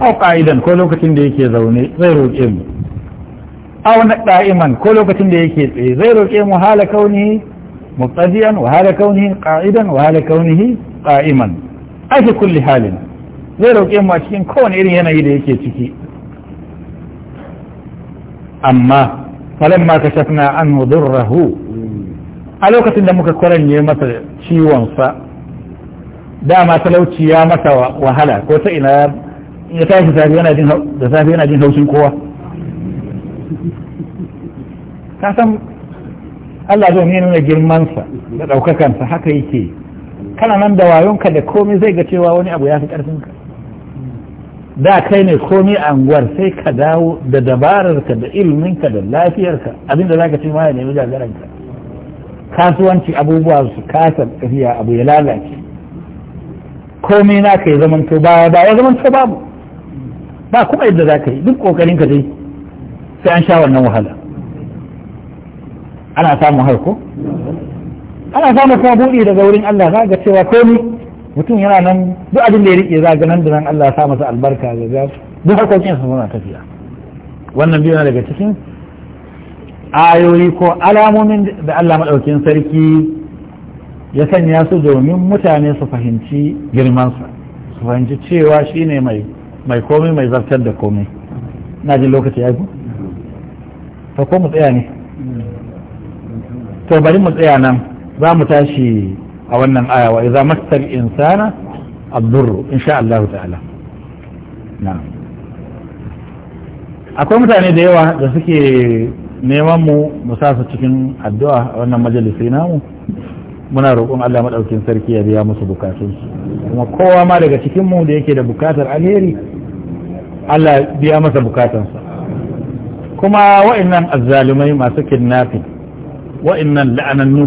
au ƙa'idan ko lokacin da yake zaune zai roƙe mu au na da'iman ko lokacin da yake tsaye zai roƙe mu hala kaunihi muqtadiyan wa hala kaunihi qa'idan wa hala kaunihi qa'iman a kulle kulli halin zai roƙe mu a cikin kowane irin yanayi da yake ciki amma falamma kashafna anhu rahu a lokacin da muka kwaranye masa sa dama talauci ya masa wahala ko ta ina ya tashi safe yana jin da safe yana jin haushin kowa ka san Allah zai ne nuna sa da sa haka yake kana nan da wayonka da komai zai ga cewa wani abu ya fi ƙarfinka da kai ne komai a anguwar sai ka dawo da dabararka da ilminka da lafiyarka abinda za ka ce ma ya nemi ka kasuwanci abubuwa su kasa tafiya abu ya lalace komai na ka ba ba baya zaman to babu ba kuma yadda za ka yi duk kokarin ka dai sai an sha wannan wahala ana samun harko ana samun kuma buɗe daga wurin Allah za ga cewa ni mutum yana nan duk abin da ya riƙe za ga nan da nan Allah ya sa masa albarka ga ga duk harkokin sa suna tafiya wannan biyu na daga cikin ayoyi ko alamomin da Allah maɗaukin sarki ya sanya su domin mutane su fahimci girman sa su fahimci cewa shine mai mai komai mai zartar da komai na ji lokaci ya ku ta ko mu tsaya ne to bari mu tsaya nan za mu tashi a wannan aya wa idza masal insana ad insha Allah ta'ala na akwai mutane da yawa da suke neman mu mu sa cikin addu'a a wannan majalisi namu muna roƙon Allah madaukin sarki ya biya musu bukatunsu kuma kowa ma daga cikin mu da yake da bukatar alheri Allah biya masa bukatansa kuma wa'annan azzalumai masu kidnapping wa'annan la'anannu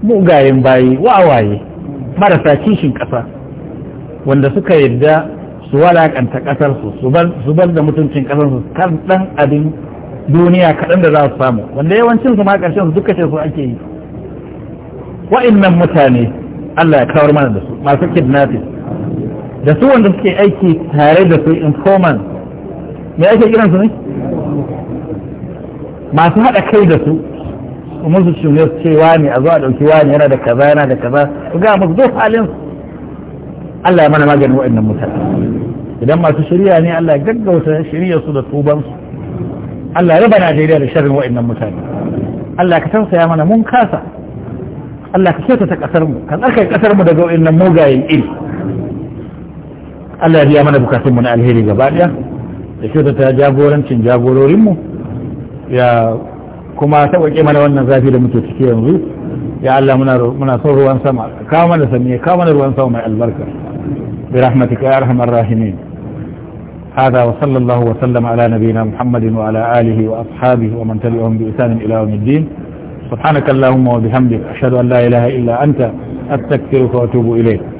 mugayen bayi wa'awaye marasa kishin ƙasa wanda suka yadda su walakanta ƙasarsu su bar da mutuncin ƙasarsu kan ɗan abin duniya kaɗan da za su samu wanda yawancin su ma ƙarshen duka ce su ake yi wa'annan mutane Allah ya kawar mana da su masu kidnapping da su wanda suke aiki tare da su informant me ake kiran su ne masu haɗa kai da su musu shirye su ce wani a zo a ɗauki wani yana da kaza yana da kaza su ga musu zo halin Allah ya mana maganin waɗannan mutane idan masu shirya ne Allah ya gaggauta shirya su da tubansu Allah ya bana daidai da sharrin waɗannan mutane Allah ka ya mana mun kasa Allah ka kyautata ƙasar mu ka tsarkake ƙasar mu daga waɗannan mugayen iri Allah ya biya mana bukatunmu na alheri gaba ɗaya da ta jagorancin jagororinmu ya kuma sauƙaƙe mana wannan zafi da muke ciki yanzu ya Allah muna son ruwan sama kawo mana sami kawo mana ruwan sama mai albarka bi rahmatika ya arhamar rahimin هذا وصلى الله وسلم على نبينا محمد وعلى آله وأصحابه ومن تبعهم بإسان إلى يوم الدين سبحانك اللهم وبحمدك أشهد أن لا إله إلا أنت أستكفرك وأتوب إليك